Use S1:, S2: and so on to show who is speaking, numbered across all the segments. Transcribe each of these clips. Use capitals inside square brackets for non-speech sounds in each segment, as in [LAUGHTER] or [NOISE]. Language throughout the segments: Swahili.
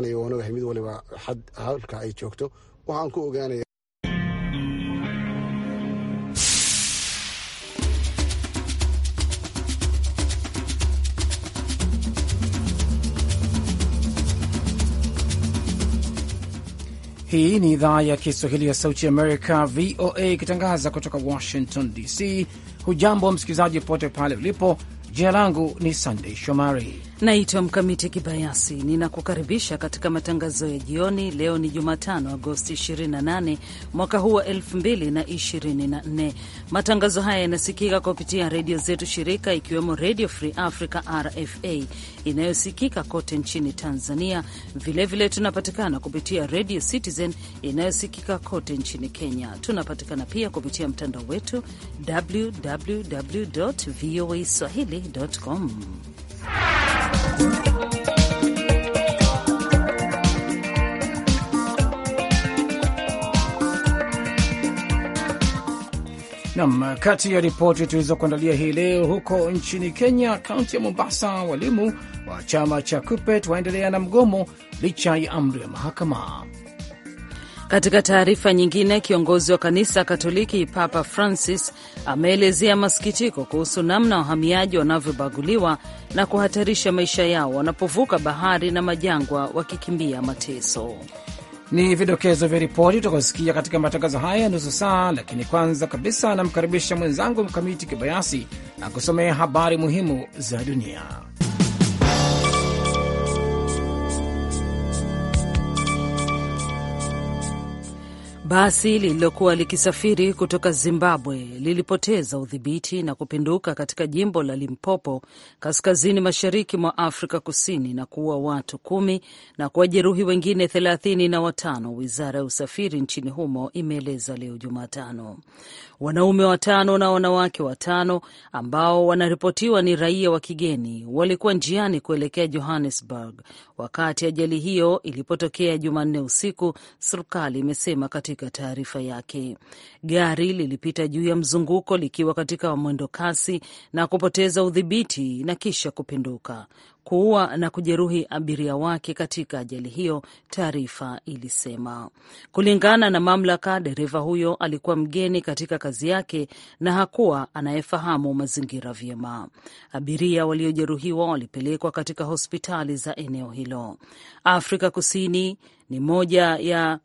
S1: mid waliba halka ay joogto waxaan ku ogaanaya
S2: Hii ni idhaa ya Kiswahili ya Sauti Amerika, VOA, ikitangaza kutoka Washington DC. Hujambo msikilizaji popote pale ulipo. Jina langu ni Sandei Shomari Naitwa Mkamiti Kibayasi, ninakukaribisha
S3: katika matangazo ya jioni. Leo ni Jumatano, Agosti 28 mwaka huu wa 2024. Matangazo haya yanasikika kupitia redio zetu shirika, ikiwemo Redio Free Africa RFA inayosikika kote nchini Tanzania. Vilevile vile tunapatikana kupitia Redio Citizen inayosikika kote nchini Kenya. Tunapatikana pia kupitia mtandao wetu www voa swahili.com.
S2: Nam, kati ya ripoti tulizokuandalia hii leo, huko nchini Kenya, kaunti ya Mombasa, walimu wa chama cha KUPPET waendelea na mgomo licha ya amri ya mahakama.
S3: Katika taarifa nyingine, kiongozi wa kanisa Katoliki Papa Francis ameelezea masikitiko kuhusu namna wahamiaji wanavyobaguliwa na kuhatarisha maisha yao wanapovuka bahari na majangwa wakikimbia
S2: mateso. Ni vidokezo vya ripoti utakaosikia katika matangazo haya ya nusu saa, lakini kwanza kabisa anamkaribisha mwenzangu Mkamiti Kibayasi akusomea habari muhimu za dunia.
S3: Basi lililokuwa likisafiri kutoka Zimbabwe lilipoteza udhibiti na kupinduka katika jimbo la Limpopo kaskazini mashariki mwa Afrika Kusini na kuua watu kumi na kuwajeruhi wengine thelathini na watano, wizara ya usafiri nchini humo imeeleza leo Jumatano. Wanaume watano na wanawake watano ambao wanaripotiwa ni raia wa kigeni walikuwa njiani kuelekea Johannesburg wakati ajali hiyo ilipotokea Jumanne usiku, serikali imesema katika katika taarifa yake. Gari lilipita juu ya mzunguko likiwa katika mwendo kasi na kupoteza udhibiti na kisha kupinduka, kuua na kujeruhi abiria wake katika ajali hiyo, taarifa ilisema. Kulingana na mamlaka, dereva huyo alikuwa mgeni katika kazi yake na hakuwa anayefahamu mazingira vyema. Abiria waliojeruhiwa walipelekwa katika hospitali za eneo hilo. Afrika Kusini ni moja ya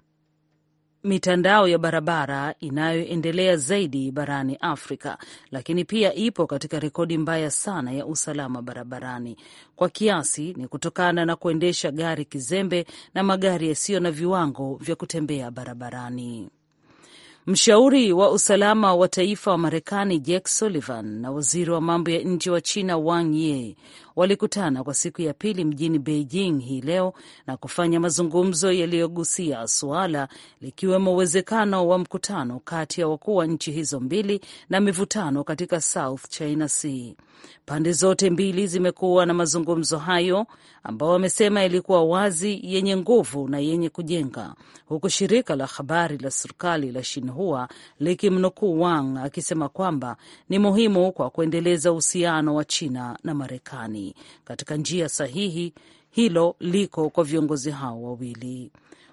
S3: mitandao ya barabara inayoendelea zaidi barani Afrika, lakini pia ipo katika rekodi mbaya sana ya usalama barabarani. Kwa kiasi ni kutokana na kuendesha gari kizembe na magari yasiyo na viwango vya kutembea barabarani. Mshauri wa usalama wa taifa wa Marekani Jake Sullivan na waziri wa mambo ya nje wa China Wang Yi walikutana kwa siku ya pili mjini Beijing hii leo na kufanya mazungumzo yaliyogusia suala likiwemo uwezekano wa mkutano kati ya wakuu wa nchi hizo mbili na mivutano katika South China Sea. Pande zote mbili zimekuwa na mazungumzo hayo ambao wamesema yalikuwa wazi, yenye nguvu na yenye kujenga, huku shirika la habari la serikali la Shinhua likimnukuu Wang akisema kwamba ni muhimu kwa kuendeleza uhusiano wa China na Marekani katika njia sahihi hilo liko kwa viongozi hao wawili.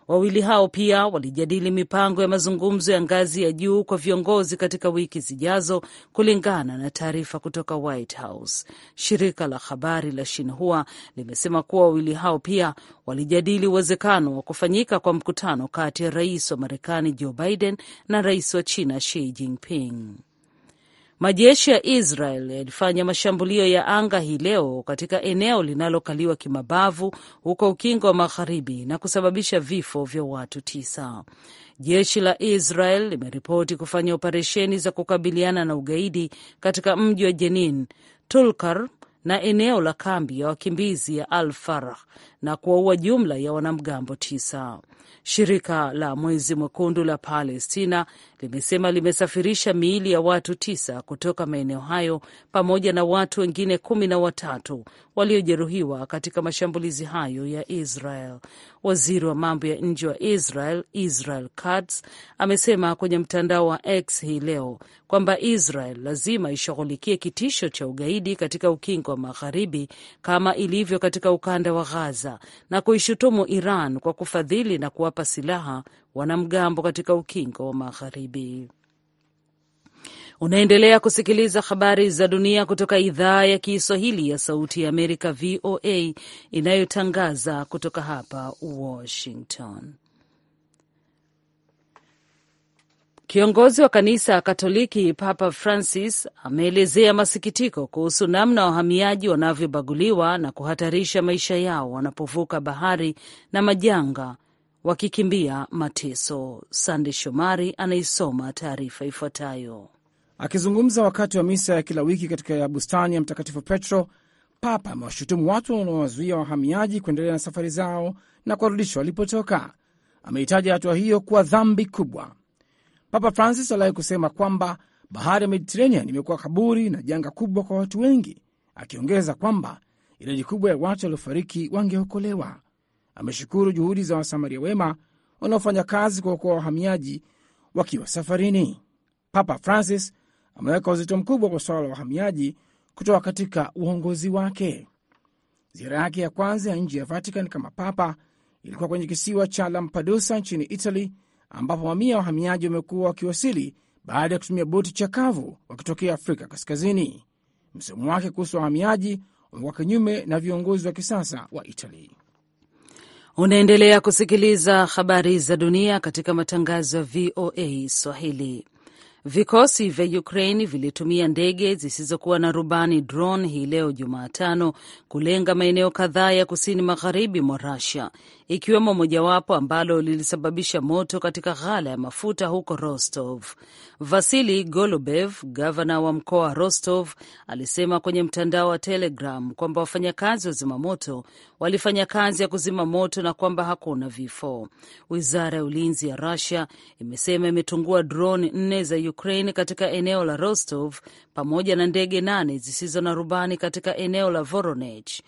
S3: Wawili hao pia walijadili mipango ya mazungumzo ya ngazi ya juu kwa viongozi katika wiki zijazo, kulingana na taarifa kutoka White House. Shirika la habari la Shinhua limesema kuwa wawili hao pia walijadili uwezekano wa kufanyika kwa mkutano kati ya rais wa Marekani Joe Biden na rais wa China Xi Jinping. Majeshi ya Israel yalifanya mashambulio ya anga hii leo katika eneo linalokaliwa kimabavu huko Ukingo wa Magharibi na kusababisha vifo vya watu tisa. Jeshi la Israel limeripoti kufanya operesheni za kukabiliana na ugaidi katika mji wa Jenin, Tulkar na eneo la kambi ya wakimbizi ya Al Farah na kuwaua jumla ya wanamgambo tisa. Shirika la Mwezi Mwekundu la Palestina limesema limesafirisha miili ya watu tisa kutoka maeneo hayo pamoja na watu wengine kumi na watatu waliojeruhiwa katika mashambulizi hayo ya Israel. Waziri wa mambo ya nje wa Israel Israel Katz amesema kwenye mtandao wa X hii leo kwamba Israel lazima ishughulikie kitisho cha ugaidi katika ukingo wa Magharibi kama ilivyo katika ukanda wa Gaza na kuishutumu Iran kwa kufadhili na kuwapa silaha wanamgambo katika ukingo wa Magharibi. Unaendelea kusikiliza habari za dunia kutoka idhaa ya Kiswahili ya Sauti ya Amerika, VOA, inayotangaza kutoka hapa Washington. Kiongozi wa kanisa ya Katoliki Papa Francis ameelezea masikitiko kuhusu namna wahamiaji wanavyobaguliwa na kuhatarisha maisha yao wanapovuka bahari na majanga wakikimbia mateso. Sande Shomari anaisoma
S2: taarifa ifuatayo. Akizungumza wakati wa misa ya kila wiki katika ya bustani ya Mtakatifu Petro, Papa amewashutumu watu wanaowazuia wahamiaji kuendelea na safari zao na kuwarudisha walipotoka. Ameitaja hatua hiyo kuwa dhambi kubwa. Papa Francis aliwahi kusema kwamba bahari ya Mediterranean imekuwa kaburi na janga kubwa kwa watu wengi, akiongeza kwamba idadi kubwa ya watu waliofariki wangeokolewa ameshukuru juhudi za Wasamaria wema wanaofanya kazi kwa kuokoa wahamiaji wakiwa safarini. Papa Francis ameweka uzito mkubwa kwa suala la wahamiaji kutoka katika uongozi wake. Ziara yake ya kwanza ya nje ya Vatican kama papa ilikuwa kwenye kisiwa cha Lampedusa nchini Italy, ambapo mamia ya wahamiaji wamekuwa wakiwasili baada ya kutumia boti chakavu wakitokea Afrika Kaskazini. Msemo wake kuhusu wahamiaji umekuwa kinyume na viongozi wa kisasa wa Italy. Unaendelea
S3: kusikiliza habari za dunia katika matangazo ya VOA Swahili. Vikosi vya Ukraine vilitumia ndege zisizokuwa na rubani drone hii leo Jumatano kulenga maeneo kadhaa ya kusini magharibi mwa Russia ikiwemo mojawapo ambalo lilisababisha moto katika ghala ya mafuta huko Rostov. Vasili Golubev, gavana wa mkoa wa Rostov, alisema kwenye mtandao wa Telegram kwamba wafanyakazi wa zimamoto walifanya kazi ya kuzima moto na kwamba hakuna vifo. Wizara ya ulinzi ya Rusia imesema imetungua droni nne za Ukraine katika eneo la Rostov pamoja na ndege nane zisizo na rubani katika eneo la Voronezh.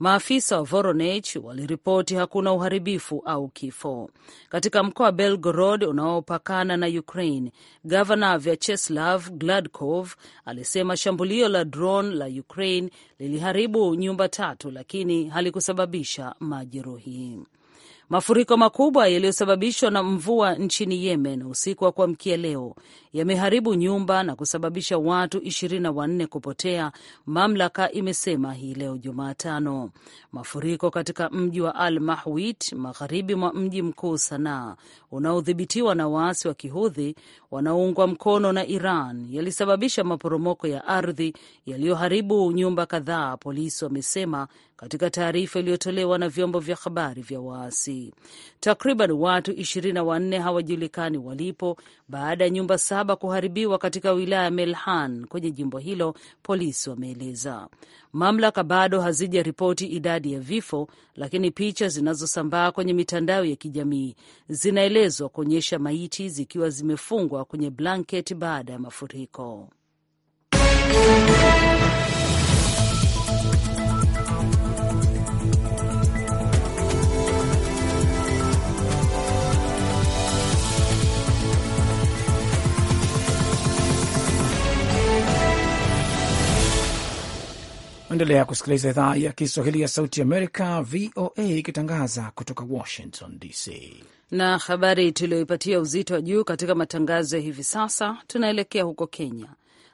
S3: Maafisa wa Voronezh waliripoti hakuna uharibifu au kifo. Katika mkoa wa Belgorod unaopakana na Ukraine, gavana Vyacheslav Gladkov alisema shambulio la drone la Ukraine liliharibu nyumba tatu, lakini halikusababisha majeruhi. Mafuriko makubwa yaliyosababishwa na mvua nchini Yemen usiku wa kuamkia leo yameharibu nyumba na kusababisha watu ishirini na wanne kupotea, mamlaka imesema hii leo Jumatano. Mafuriko katika mji wa Al Mahwit, magharibi mwa mji mkuu Sanaa, unaodhibitiwa na waasi wa Kihudhi wanaoungwa mkono na Iran, yalisababisha maporomoko ya ardhi yaliyoharibu nyumba kadhaa, polisi wamesema katika taarifa iliyotolewa na vyombo vya habari vya waasi. Takriban watu ishirini na wanne hawajulikani walipo baada ya nyumba saba kuharibiwa katika wilaya ya Melhan kwenye jimbo hilo, polisi wameeleza. Mamlaka bado hazijaripoti idadi ya vifo, lakini picha zinazosambaa kwenye mitandao ya kijamii zinaelezwa kuonyesha maiti zikiwa zimefungwa kwenye blanketi baada ya mafuriko.
S2: Unaendelea kusikiliza idhaa ya Kiswahili ya Sauti Amerika, VOA, ikitangaza kutoka Washington DC.
S3: Na habari tuliyoipatia uzito wa juu katika matangazo ya hivi sasa, tunaelekea huko Kenya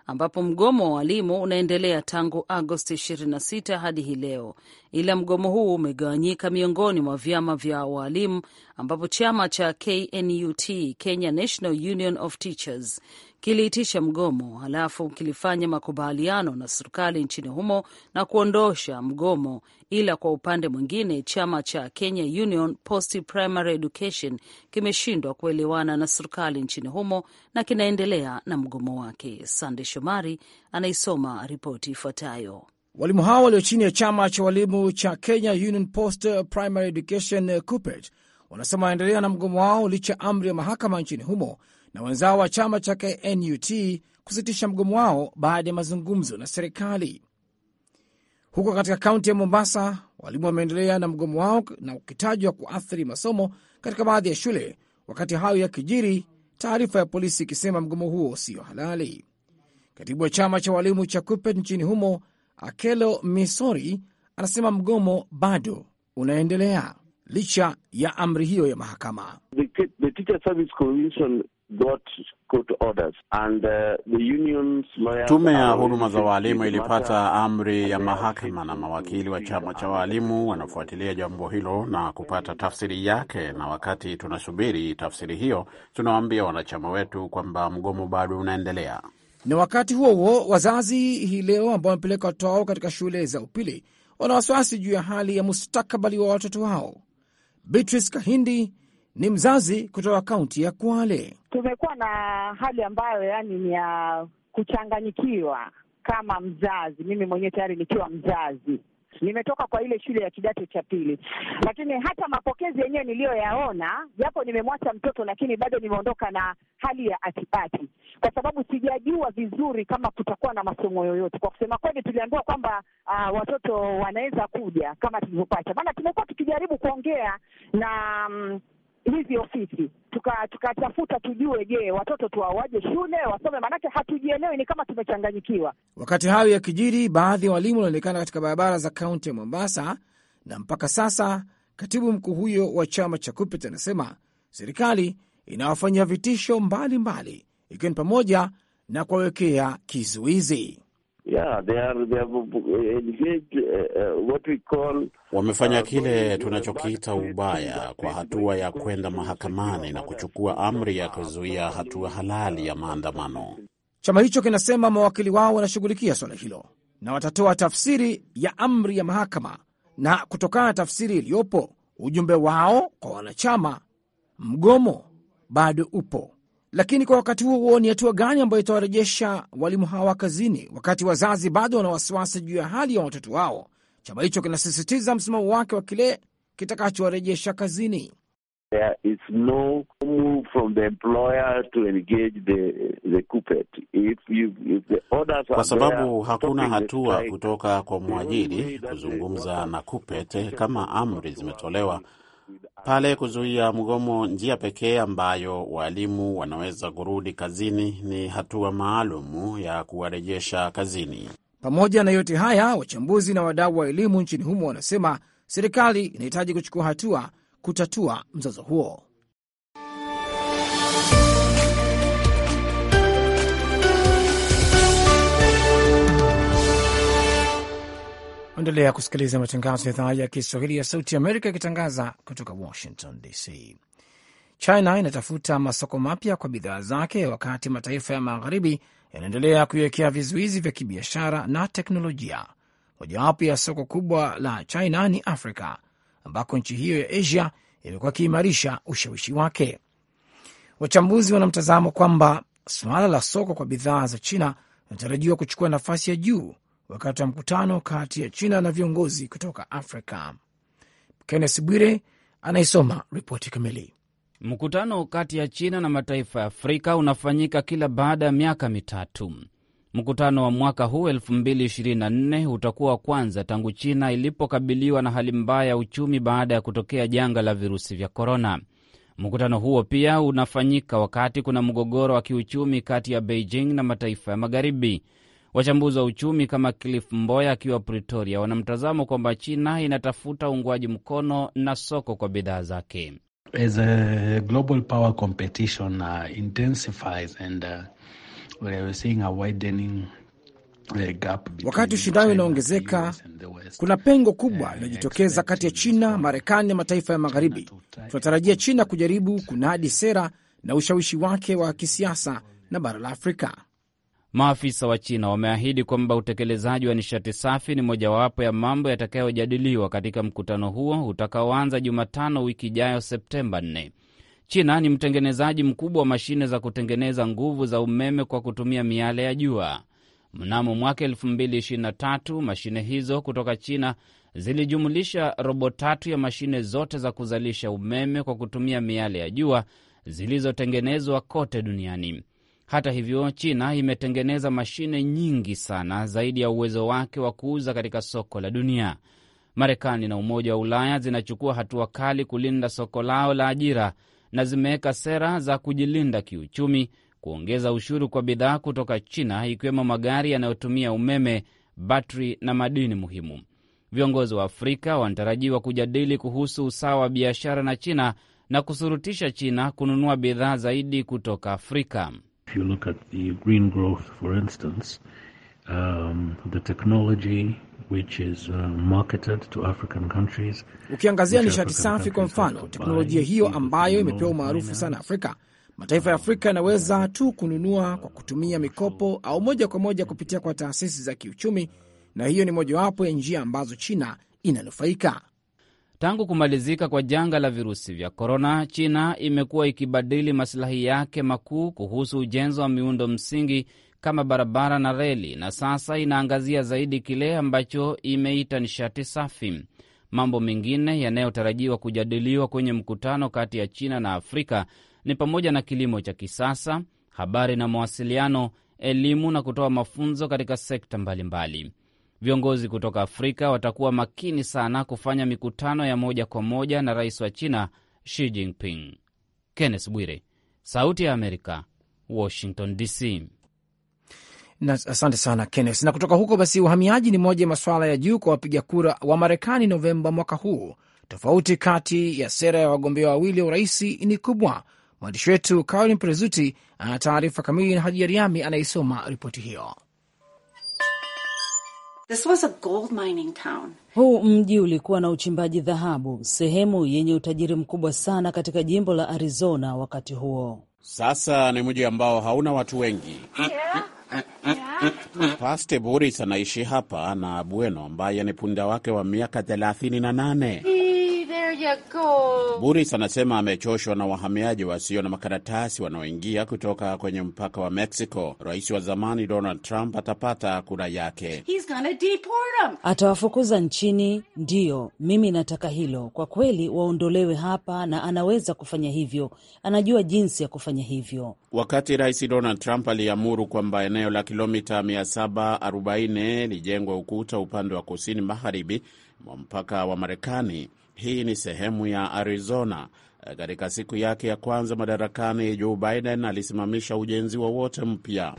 S3: ambapo mgomo wa walimu unaendelea tangu Agosti 26 hadi hii leo, ila mgomo huu umegawanyika miongoni mwa vyama vya walimu, ambapo chama cha KNUT, Kenya National Union of Teachers, kiliitisha mgomo halafu kilifanya makubaliano na serikali nchini humo na kuondosha mgomo, ila kwa upande mwingine chama cha Kenya Union Post Primary Education kimeshindwa kuelewana na serikali nchini humo na kinaendelea na mgomo wake. Sande Shomari anaisoma ripoti ifuatayo.
S2: Walimu hao walio chini ya chama cha walimu cha Kenya Union Post Primary Education KUPPET wanasema wanaendelea na mgomo wao licha ya amri ya mahakama nchini humo na wenzao wa chama chake NUT kusitisha mgomo wao baada ya mazungumzo na serikali. Huko katika kaunti ya Mombasa, walimu wameendelea na mgomo wao na ukitajwa kuathiri masomo katika baadhi ya shule. Wakati hayo ya kijiri, taarifa ya polisi ikisema mgomo huo sio halali. Katibu wa chama cha walimu cha KUPPET nchini humo Akelo Misori anasema mgomo bado unaendelea licha ya amri hiyo ya mahakama. The, the and uh, the unions. Tume ya huduma za waalimu ilipata
S1: amri ya mahakama, na mawakili wa chama cha waalimu wanafuatilia jambo hilo na kupata tafsiri yake, na wakati tunasubiri tafsiri hiyo, tunawaambia wanachama wetu kwamba mgomo bado unaendelea.
S2: Na wakati huo huo, wazazi hii leo ambao wamepeleka watoto wao katika shule za upili wana wasiwasi juu ya hali ya mustakabali wa watoto wao. Beatrice Kahindi ni mzazi kutoka kaunti ya Kwale. Tumekuwa na hali ambayo
S4: yani ni ya kuchanganyikiwa kama mzazi, mimi mwenyewe tayari nikiwa mzazi nimetoka kwa ile shule ya kidato cha pili, lakini hata mapokezi yenyewe niliyoyaona, japo nimemwacha mtoto, lakini bado nimeondoka na hali ya atibati, kwa sababu sijajua vizuri kama kutakuwa na masomo yoyote. Kwa kusema kweli, tuliambiwa kwamba uh, watoto wanaweza kuja kama tulivyopata, maana tumekuwa tukijaribu kuongea na um, hizi ofisi tukatafuta tuka tujue, je, watoto tuwawaje shule wasome? Maanake hatujielewi, ni kama tumechanganyikiwa.
S2: Wakati hayo ya kijiri, baadhi ya walimu wanaonekana katika barabara za kaunti ya Mombasa, na mpaka sasa katibu mkuu huyo wa chama cha Kupet anasema serikali inawafanyia vitisho mbalimbali, ikiwa ni pamoja na kuwawekea kizuizi.
S5: Yeah, they are, they have eh,
S1: engaged, uh, what we call, wamefanya uh, kile tunachokiita ubaya kwa hatua ya kwenda mahakamani na kuchukua amri ya uh, kuzuia hatua halali ya
S2: maandamano. Chama hicho kinasema mawakili wao wanashughulikia suala hilo na watatoa tafsiri ya amri ya mahakama, na kutokana na tafsiri iliyopo, ujumbe wao kwa wanachama, mgomo bado upo. Lakini kwa wakati huo huo, ni hatua gani ambayo itawarejesha walimu hawa kazini, wakati wazazi bado wana wasiwasi juu ya hali ya watoto wao? Chama hicho kinasisitiza msimamo wake wa kile kitakachowarejesha kazini.
S6: There is no move from the employer to engage the, the culprit. If you, if the orders kwa sababu hakuna hatua
S1: kutoka kwa mwajiri kuzungumza na kupete kama amri zimetolewa pale kuzuia mgomo. Njia pekee ambayo walimu wanaweza kurudi kazini ni hatua maalum ya kuwarejesha kazini.
S2: Pamoja na yote haya, wachambuzi na wadau wa elimu nchini humo wanasema serikali inahitaji kuchukua hatua kutatua mzozo huo. Endelea kusikiliza matangazo ya idhaa ya Kiswahili ya Sauti Amerika ikitangaza kutoka Washington DC. China inatafuta masoko mapya kwa bidhaa zake wakati mataifa ya magharibi yanaendelea kuiwekea vizuizi vya kibiashara na teknolojia. Mojawapo ya soko kubwa la China ni Afrika, ambako nchi hiyo ya Asia imekuwa ikiimarisha ushawishi wake. Wachambuzi wana mtazamo kwamba suala la soko kwa bidhaa za China linatarajiwa kuchukua nafasi ya juu wakati wa mkutano kati ya China na viongozi kutoka Afrika. Kennes Bwire anaisoma ripoti kamili.
S5: Mkutano kati ya China na mataifa ya Afrika unafanyika kila baada ya miaka mitatu. Mkutano wa mwaka huu 2024 utakuwa wa kwanza tangu China ilipokabiliwa na hali mbaya ya uchumi baada ya kutokea janga la virusi vya korona. Mkutano huo pia unafanyika wakati kuna mgogoro wa kiuchumi kati ya Beijing na mataifa ya magharibi. Wachambuzi wa uchumi kama Cliff Mboya akiwa Pretoria wanamtazamo kwamba China inatafuta uungwaji mkono na soko kwa bidhaa zake.
S6: As a global power competition uh, intensifies and uh, seeing a widening uh, Wakati ushindani unaongezeka,
S2: kuna pengo kubwa linalojitokeza kati ya China, Marekani na mataifa ya Magharibi. Tunatarajia China kujaribu kunadi sera na ushawishi wake wa kisiasa na bara la Afrika.
S5: Maafisa wa China wameahidi kwamba utekelezaji wa nishati safi ni mojawapo ya mambo yatakayojadiliwa katika mkutano huo utakaoanza Jumatano wiki ijayo, Septemba 4. China ni mtengenezaji mkubwa wa mashine za kutengeneza nguvu za umeme kwa kutumia miale ya jua. Mnamo mwaka 2023 mashine hizo kutoka China zilijumulisha robo tatu ya mashine zote za kuzalisha umeme kwa kutumia miale ya jua zilizotengenezwa kote duniani. Hata hivyo, China imetengeneza mashine nyingi sana zaidi ya uwezo wake wa kuuza katika soko la dunia. Marekani na Umoja wa Ulaya zinachukua hatua kali kulinda soko lao la ajira na zimeweka sera za kujilinda kiuchumi, kuongeza ushuru kwa bidhaa kutoka China, ikiwemo magari yanayotumia umeme, batri na madini muhimu. Viongozi wa Afrika wanatarajiwa kujadili kuhusu usawa wa biashara na China na kushurutisha China kununua bidhaa zaidi kutoka Afrika
S6: you look at the green growth, for instance, um, the technology which is, uh, marketed to African countries, ukiangazia nishati safi kwa
S2: mfano teknolojia hiyo ambayo imepewa umaarufu sana Afrika, mataifa ya Afrika yanaweza tu kununua kwa kutumia mikopo au moja kwa moja kupitia kwa taasisi za kiuchumi, na hiyo ni mojawapo ya njia ambazo China inanufaika.
S5: Tangu kumalizika kwa janga la virusi vya korona, China imekuwa ikibadili masilahi yake makuu kuhusu ujenzi wa miundo msingi kama barabara na reli, na sasa inaangazia zaidi kile ambacho imeita nishati safi. Mambo mengine yanayotarajiwa kujadiliwa kwenye mkutano kati ya China na Afrika ni pamoja na kilimo cha kisasa, habari na mawasiliano, elimu na kutoa mafunzo katika sekta mbalimbali mbali. Viongozi kutoka Afrika watakuwa makini sana kufanya mikutano ya moja kwa moja na rais wa China Xi Jinping. Kenneth Bwire, Sauti ya Amerika, Washington DC.
S2: Na asante sana Kenneth. Na kutoka huko basi, uhamiaji ni moja ya masuala ya juu kwa wapiga kura wa Marekani Novemba mwaka huu. Tofauti kati ya sera ya wagombea wawili wa urais ni kubwa. Mwandishi wetu Carolin Prezuti ana taarifa kamili, na Hadija Riami anaisoma ripoti hiyo.
S3: Huu mji ulikuwa na uchimbaji dhahabu, sehemu yenye utajiri mkubwa sana katika jimbo la Arizona wakati huo.
S1: Sasa ni mji ambao hauna watu wengi yeah. Paste Buris anaishi hapa na Bweno ambaye ni punda wake wa miaka 38. Buris anasema amechoshwa na wahamiaji wasio na makaratasi wanaoingia kutoka kwenye mpaka wa Mexico. Rais wa zamani Donald Trump atapata kura yake,
S3: atawafukuza nchini. Ndiyo, mimi nataka hilo kwa kweli, waondolewe hapa, na anaweza kufanya hivyo, anajua jinsi ya kufanya hivyo.
S1: Wakati Rais Donald Trump aliamuru kwamba eneo la kilomita 740 lijengwe ukuta upande wa kusini magharibi mwa mpaka wa Marekani. Hii ni sehemu ya Arizona. Katika siku yake ya kwanza madarakani, Joe Biden alisimamisha ujenzi wowote mpya.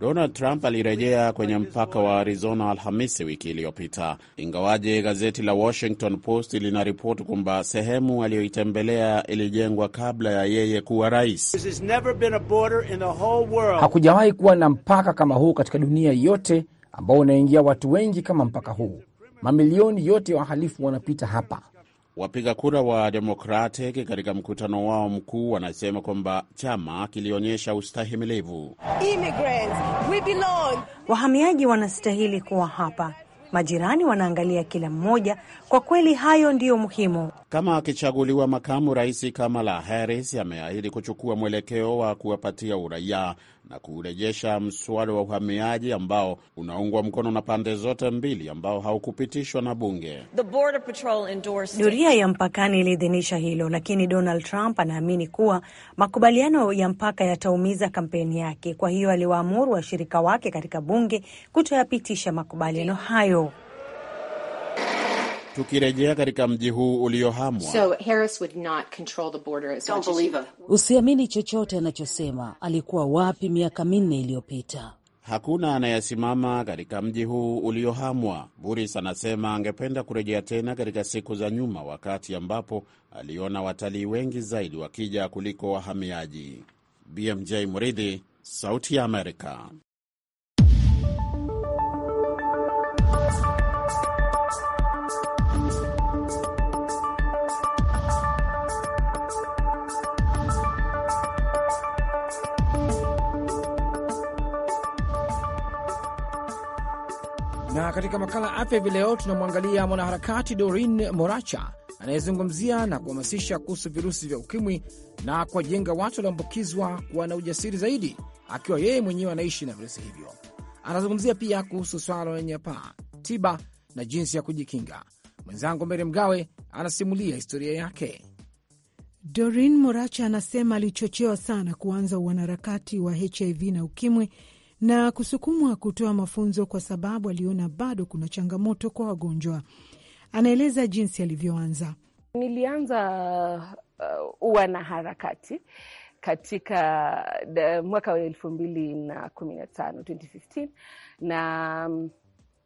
S1: Donald Trump alirejea kwenye mpaka wa Arizona Alhamisi wiki iliyopita, ingawaje gazeti la Washington Post linaripoti kwamba sehemu aliyoitembelea ilijengwa kabla ya yeye kuwa rais. Hakujawahi
S2: kuwa na mpaka kama huu katika dunia yote, ambao unaingia watu wengi kama mpaka huu. Mamilioni yote ya wahalifu wanapita hapa.
S1: Wapiga kura wa Democratic katika mkutano wao mkuu wanasema kwamba chama kilionyesha ustahimilivu.
S3: Wahamiaji wanastahili kuwa hapa, majirani wanaangalia kila mmoja. Kwa kweli, hayo ndiyo muhimu.
S1: Kama akichaguliwa, makamu rais Kamala Harris ameahidi kuchukua mwelekeo wa kuwapatia uraia na kurejesha mswada wa uhamiaji ambao unaungwa mkono na pande zote mbili ambao haukupitishwa na bunge.
S2: Doria ya
S7: mpakani iliidhinisha hilo, lakini Donald Trump anaamini kuwa makubaliano ya mpaka
S3: yataumiza kampeni yake. Kwa hiyo aliwaamuru washirika wake katika bunge kutoyapitisha makubaliano hayo.
S1: Tukirejea katika mji huu uliohamwa,
S4: so
S3: usiamini chochote anachosema. Alikuwa wapi miaka minne iliyopita?
S1: Hakuna anayesimama katika mji huu uliohamwa. buris anasema angependa kurejea tena katika siku za nyuma, wakati ambapo aliona watalii wengi zaidi wakija kuliko wahamiaji. BMJ Muridhi, Sauti ya Amerika.
S2: Na katika makala afya hivi leo tunamwangalia mwanaharakati dorin Moracha anayezungumzia na kuhamasisha kuhusu virusi vya ukimwi na kuwajenga watu walioambukizwa kuwa na ujasiri zaidi, akiwa yeye mwenyewe anaishi na virusi hivyo. Anazungumzia pia kuhusu swala la unyanyapaa, tiba na jinsi ya kujikinga. Mwenzangu Meri Mgawe anasimulia
S7: historia yake. dorin Moracha anasema alichochewa sana kuanza uanaharakati wa HIV na ukimwi na kusukumwa kutoa mafunzo kwa sababu aliona bado kuna changamoto kwa wagonjwa. Anaeleza jinsi alivyoanza.
S4: Nilianza huwa uh, na harakati katika de, uh, mwaka wa elfu mbili na kumi na tano 2015 na um,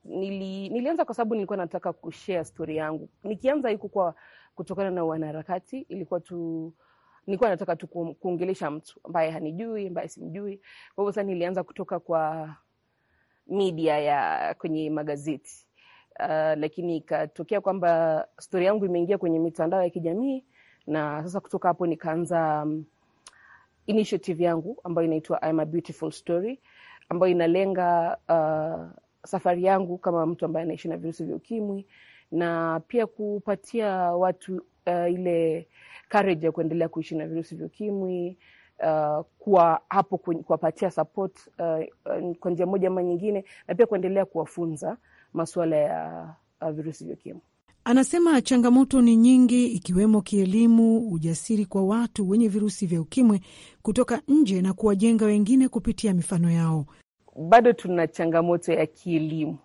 S4: nili, nilianza kwa sababu nilikuwa nataka kushare stori yangu nikianza kwa kutokana na wanaharakati ilikuwa tu nilikuwa nataka tu kuongelesha mtu ambaye hanijui, ambaye simjui. Kwa hivyo sasa nilianza kutoka kwa media ya kwenye magazeti uh, lakini ikatokea kwamba stori yangu imeingia kwenye mitandao ya kijamii, na sasa kutoka hapo nikaanza um, initiative yangu ambayo inaitwa I'm a Beautiful Story ambayo inalenga uh, safari yangu kama mtu ambaye anaishi na virusi vya ukimwi na pia kupatia watu uh, ile courage ya kuendelea kuishi na virusi vya ukimwi uh, kuwa hapo kuwapatia support uh, uh, kwa njia moja ama nyingine, na pia kuendelea kuwafunza masuala ya uh, virusi vya ukimwi.
S7: Anasema changamoto ni nyingi, ikiwemo kielimu, ujasiri kwa watu wenye virusi vya ukimwi kutoka nje na kuwajenga wengine kupitia mifano yao.
S4: Bado tuna changamoto ya kielimu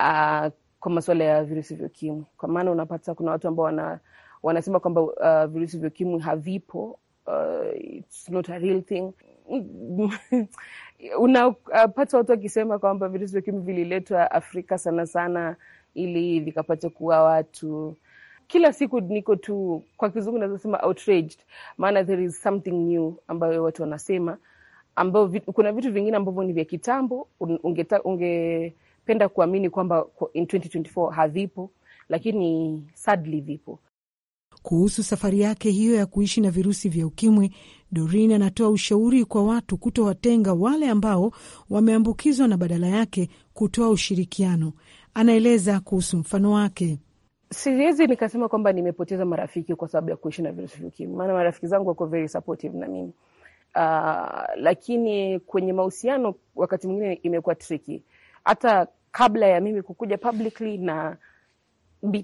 S4: uh, kwa masuala ya virusi vya ukimwi, kwa maana unapata kuna watu ambao wana wanasema kwamba uh, virusi vya ukimwi havipo. Uh, it's not a real thing [LAUGHS] unapata uh, watu wakisema kwamba virusi vya ukimwi vililetwa Afrika sana sana ili vikapata kuwa watu. Kila siku niko tu, kwa kizungu nazosema outraged, maana there is something new ambayo watu wanasema, ambao kuna vitu vingine ambavyo ni vya kitambo ungependa unge kuamini kwamba in 2024 havipo, lakini sadly vipo.
S7: Kuhusu safari yake hiyo ya kuishi na virusi vya ukimwi, Doreen anatoa ushauri kwa watu kutowatenga wale ambao wameambukizwa na badala yake kutoa ushirikiano. Anaeleza kuhusu mfano wake.
S4: Siwezi nikasema kwamba nimepoteza marafiki kwa sababu ya kuishi na virusi vya ukimwi, maana marafiki zangu wako very supportive na mimi uh, lakini kwenye mahusiano wakati mwingine imekuwa tricky, hata kabla ya mimi kukuja publicly na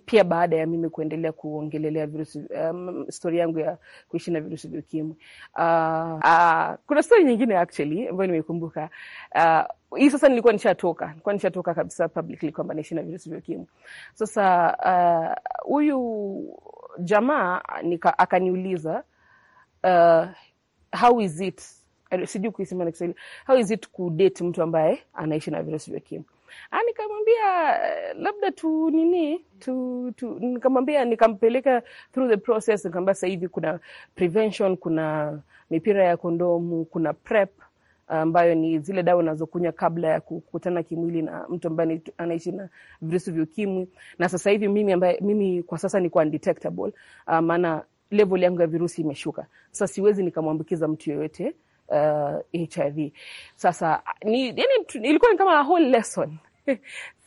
S4: pia baada ya mimi kuendelea kuongelelea virusi um, stori yangu ya kuishi na virusi vya ukimwi. Uh, uh, kuna stori nyingine actually ambayo nimekumbuka uh, hii sasa, nilikuwa nishatoka, nilikuwa nishatoka kabisa publicly kwamba naishi na virusi vya ukimwi. Sasa uh, huyu uh, jamaa akaniuliza uh, how is it, sijui kuisema na Kiswahili, how is it kudate mtu ambaye anaishi na virusi vya ukimwi Ah, nikamwambia eh, labda tu nini tu, tu, nikamwambia nikampeleka through the process, nikamwambia sasa hivi kuna prevention, kuna mipira ya kondomu, kuna prep ah, ambayo ni zile dawa unazokunywa kabla ya kukutana kimwili na mtu ambaye anaishi na virusi vya ukimwi. Na sasa hivi mimi ambaye mimi kwa sasa niko undetectable, ah, maana level yangu ya virusi imeshuka. Sasa siwezi nikamwambukiza mtu yoyote uh, HIV. Sasa ni, yani, ilikuwa ni kama whole lesson [LAUGHS]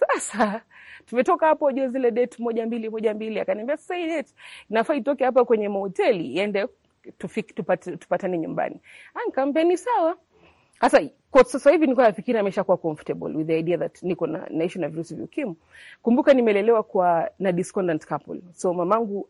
S4: sasa tumetoka hapo jo, zile date moja mbili moja mbili, akaniambia sasa hii date inafaa itoke hapa kwenye mahoteli iende tufik, tupatane nyumbani. Nikaambia ni sawa. Sasa kwa sasa hivi niko nafikiri ameshakuwa comfortable with the idea that niko na naishi na virusi vya ukimwi. Kumbuka nimelelewa kwa na discordant couple, so mamangu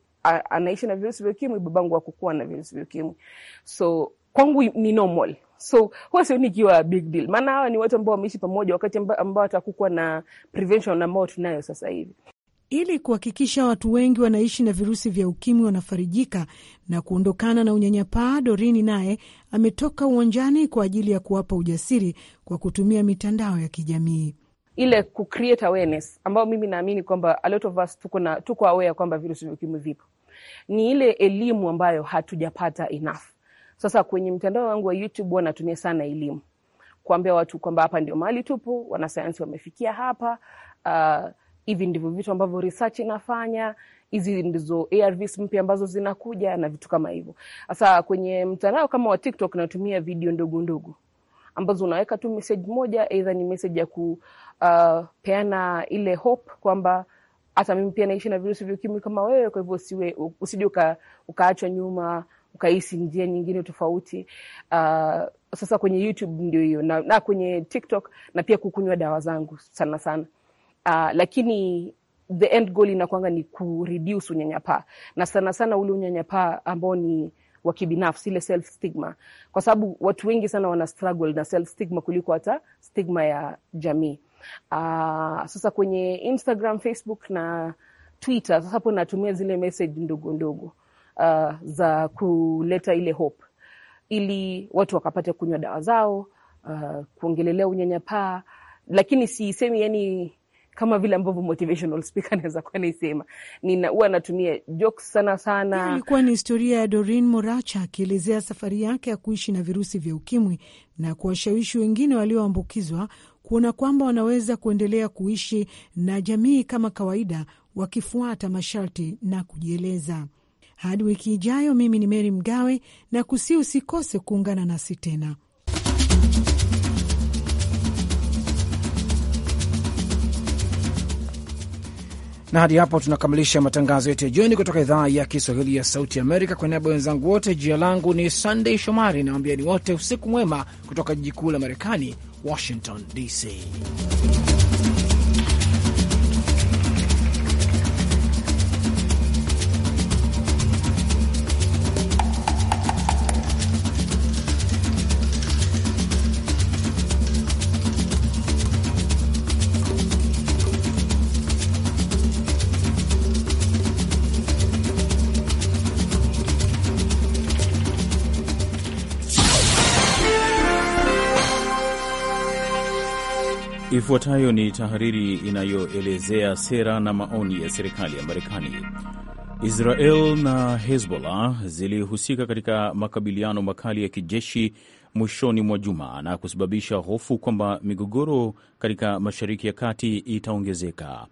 S4: anaishi na virusi vya ukimwi, babangu hakukuwa na virusi vya ukimwi so kwangu ni normal so huwa sioni ikiwa big deal, maana hawa ni watu ambao wameishi pamoja wakati ambao hatakukuwa na prevention ambao tunayo sasa hivi.
S7: Ili kuhakikisha watu wengi wanaishi na virusi vya ukimwi wanafarijika na kuondokana na unyanyapaa, Dorini naye ametoka uwanjani kwa ajili ya kuwapa ujasiri kwa kutumia mitandao ya kijamii
S4: ile ku create awareness ambayo mimi naamini kwamba a lot of us tuko na tuko aware kwamba virusi vya ukimwi vipo, ni ile elimu ambayo hatujapata enough sasa kwenye mtandao wangu wa YouTube wanatumia sana elimu kuambia watu kwamba hapa ndio mahali tupo, wanasayansi wamefikia hapa, uh, hivi uh, ndivyo vitu ambavyo research inafanya, hizi ndizo ARVs mpya ambazo zinakuja na vitu kama hivyo. Sasa kwenye mtandao kama wa TikTok natumia video ndogo ndogo ambazo unaweka tu message moja, aidha ni message ya kupeana uh, ile hope kwamba hata mimi pia naishi na virusi vya ukimwi kama wewe, kwa hivyo usije ukaachwa nyuma ukahisi njia nyingine tofauti. Uh, sasa kwenye YouTube ndio hiyo na, na kwenye TikTok na pia kukunywa dawa zangu sana sana. Uh, lakini the end goal inakwanga ni kureduce unyanyapaa na sana sana ule unyanyapaa ambao ni wa kibinafsi, ile self stigma, kwa sababu watu wengi sana wana struggle na self stigma kuliko hata stigma ya jamii. Uh, sasa kwenye Instagram, Facebook na Twitter, sasa hapo natumia zile message ndogo ndogo uh, za kuleta ile hope ili watu wakapate kunywa dawa zao, uh, kuongelelea unyanyapaa, lakini sisemi yani kama vile ambavyo motivational speaker [LAUGHS] anaweza kuwa naisema, huwa anatumia jokes sana sana. Ilikuwa
S7: ni historia ya Doreen Moracha akielezea safari yake ya kuishi na virusi vya ukimwi na kuwashawishi wengine walioambukizwa kuona kwamba wanaweza kuendelea kuishi na jamii kama kawaida, wakifuata masharti na kujieleza. Hadi wiki ijayo, mimi ni Meri Mgawe na kusi, usikose kuungana nasi tena.
S2: na hadi hapo tunakamilisha matangazo yetu ya jioni kutoka idhaa ya Kiswahili ya Sauti Amerika. Kwa niaba ya wenzangu wote, jina langu ni Sandey Shomari, nawambieni wote usiku mwema kutoka jiji kuu la Marekani, Washington DC.
S6: Ifuatayo ni tahariri inayoelezea sera na maoni ya serikali ya Marekani. Israel na Hezbollah zilihusika katika makabiliano makali ya kijeshi mwishoni mwa juma na kusababisha hofu kwamba migogoro katika Mashariki ya Kati itaongezeka.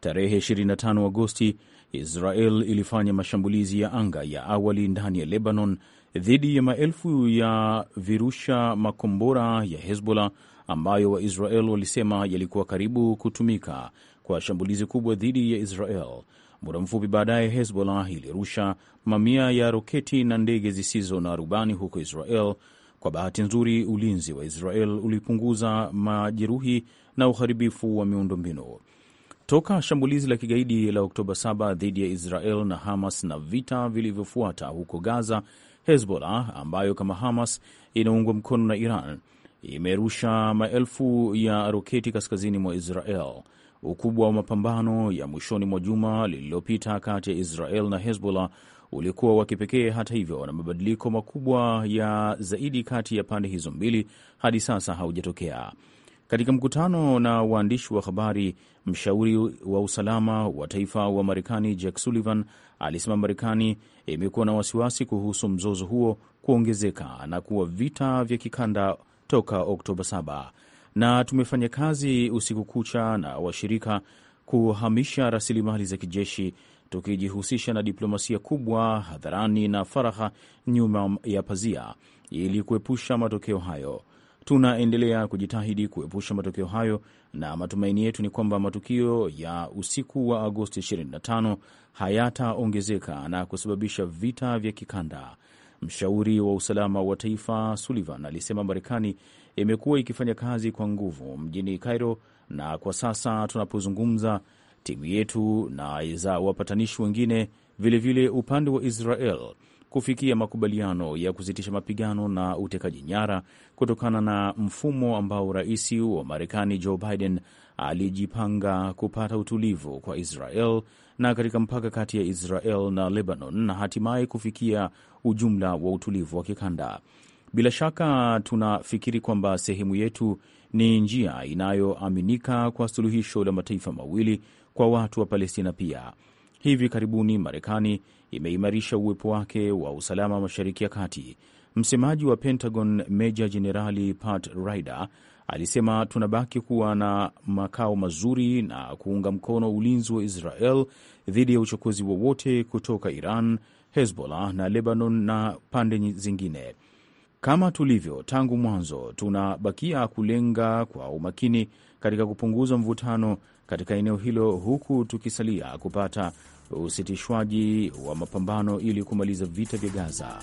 S6: Tarehe 25 Agosti, Israel ilifanya mashambulizi ya anga ya awali ndani ya Lebanon dhidi ya maelfu ya virusha makombora ya Hezbollah ambayo Waisrael walisema yalikuwa karibu kutumika kwa shambulizi kubwa dhidi ya Israel. Muda mfupi baadaye, Hezbollah ilirusha mamia ya roketi na ndege zisizo na rubani huko Israel. Kwa bahati nzuri, ulinzi wa Israel ulipunguza majeruhi na uharibifu wa miundombinu. Toka shambulizi la kigaidi la Oktoba 7 dhidi ya Israel na Hamas na vita vilivyofuata huko Gaza, Hezbollah ambayo kama Hamas inaungwa mkono na Iran imerusha maelfu ya roketi kaskazini mwa Israel. Ukubwa wa mapambano ya mwishoni mwa juma lililopita kati ya Israel na Hezbollah ulikuwa wa kipekee, hata hivyo, na mabadiliko makubwa ya zaidi kati ya pande hizo mbili hadi sasa haujatokea. Katika mkutano na waandishi wa habari, mshauri wa usalama wa taifa wa Marekani Jack Sullivan alisema Marekani imekuwa na wasiwasi kuhusu mzozo huo kuongezeka na kuwa vita vya kikanda toka Oktoba 7 na tumefanya kazi usiku kucha na washirika kuhamisha rasilimali za kijeshi tukijihusisha na diplomasia kubwa hadharani na faraha nyuma ya pazia ili kuepusha matokeo hayo. Tunaendelea kujitahidi kuepusha matokeo hayo, na matumaini yetu ni kwamba matukio ya usiku wa Agosti 25 hayataongezeka na kusababisha vita vya kikanda. Mshauri wa usalama wa taifa Sullivan alisema Marekani imekuwa ikifanya kazi kwa nguvu mjini Cairo, na kwa sasa tunapozungumza, timu yetu na za wapatanishi wengine, vilevile upande wa Israel kufikia makubaliano ya kusitisha mapigano na utekaji nyara kutokana na mfumo ambao rais wa Marekani Joe Biden alijipanga kupata utulivu kwa Israel na katika mpaka kati ya Israel na Lebanon na hatimaye kufikia ujumla wa utulivu wa kikanda. Bila shaka tunafikiri kwamba sehemu yetu ni njia inayoaminika kwa suluhisho la mataifa mawili kwa watu wa Palestina pia. Hivi karibuni Marekani imeimarisha uwepo wake wa usalama Mashariki ya Kati. Msemaji wa Pentagon Meja Jenerali Pat Ryder Alisema tunabaki kuwa na makao mazuri na kuunga mkono ulinzi wa Israel dhidi ya uchokozi wowote kutoka Iran, Hezbollah na Lebanon na pande zingine. Kama tulivyo tangu mwanzo, tunabakia kulenga kwa umakini katika kupunguza mvutano katika eneo hilo, huku tukisalia kupata usitishwaji wa mapambano ili kumaliza vita vya Gaza.